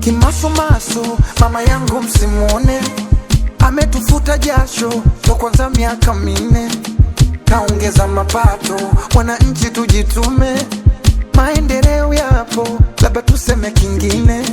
Kimasomaso mama yangu msimuone, ametufuta jasho to kwanza miaka minne, kaongeza mapato, wananchi tujitume, maendeleo yapo, labda tuseme kingine.